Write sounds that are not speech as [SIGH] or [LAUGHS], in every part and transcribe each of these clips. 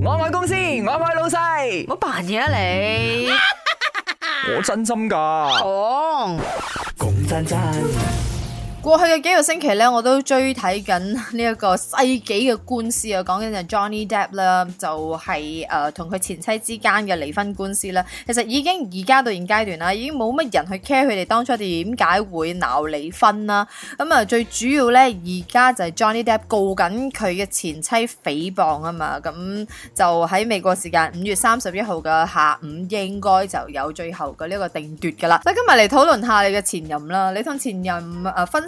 我愛公司，我愛老細，啊，冇扮嘢啊你！ [LAUGHS] 我真心㗎，講講真真。過去嘅幾個星期咧，我都追睇緊呢一個世紀嘅官司啊，講緊 John 就 Johnny Depp 啦，就係誒同佢前妻之間嘅離婚官司啦。其實已經而家到現階段啦，已經冇乜人去 care 佢哋當初點解會鬧離婚啦。咁啊，最主要咧而家就係 Johnny Depp 告緊佢嘅前妻誹謗啊嘛，咁就喺美國時間五月三十一號嘅下午應該就有最後嘅呢個定奪㗎喇。咁、啊，今日嚟討論下你嘅前任啦，你同前任誒、呃、分。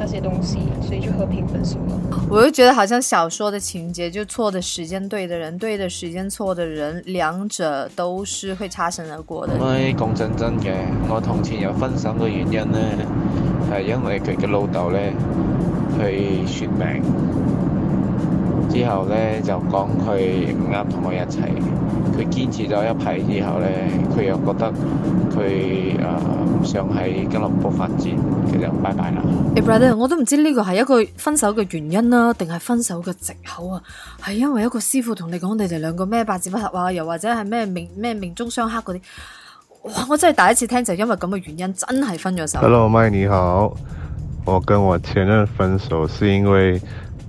那些東西，所以就和平分手了。我就覺得好像小說的情節，就錯的時間，對的人，對的時間，錯的人，兩者都是會擦身而過的。講真真嘅，我同前有分手嘅原因呢，係因為佢嘅老豆呢，去算命。之後咧就講佢唔啱同我一齊，佢堅持咗一排之後咧，佢又覺得佢啊唔想喺吉立波發展，佢就拜拜啦。Brother，我都唔知呢個係一個分手嘅原因啦、啊，定係分手嘅借口啊？係因為一個師傅同你講你哋兩個咩八字不合啊？又或者係咩命咩命中相克嗰啲？哇！我真係第一次聽就因為咁嘅原因真係分咗手。Hello，Mike，你好，我跟我前任分手是因為。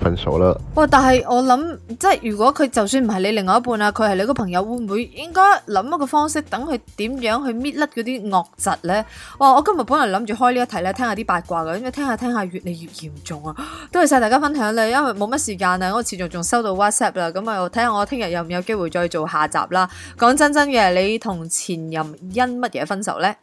分手啦！哇！但係我諗，即係如果佢就算唔係你另外一半啊，佢係你個朋友，會唔會應該諗一個方式，等佢點樣去搣甩嗰啲惡疾呢？哇！我今日本來諗住開呢一題咧，聽下啲八卦嘅，因為聽下聽下越嚟越嚴重啊。多謝晒大家分享啦，因為冇乜時間啊，我持續仲收到 WhatsApp 啦，咁啊睇下我聽日有唔有機會再做下集啦。講真真嘅，你同前任因乜嘢分手呢？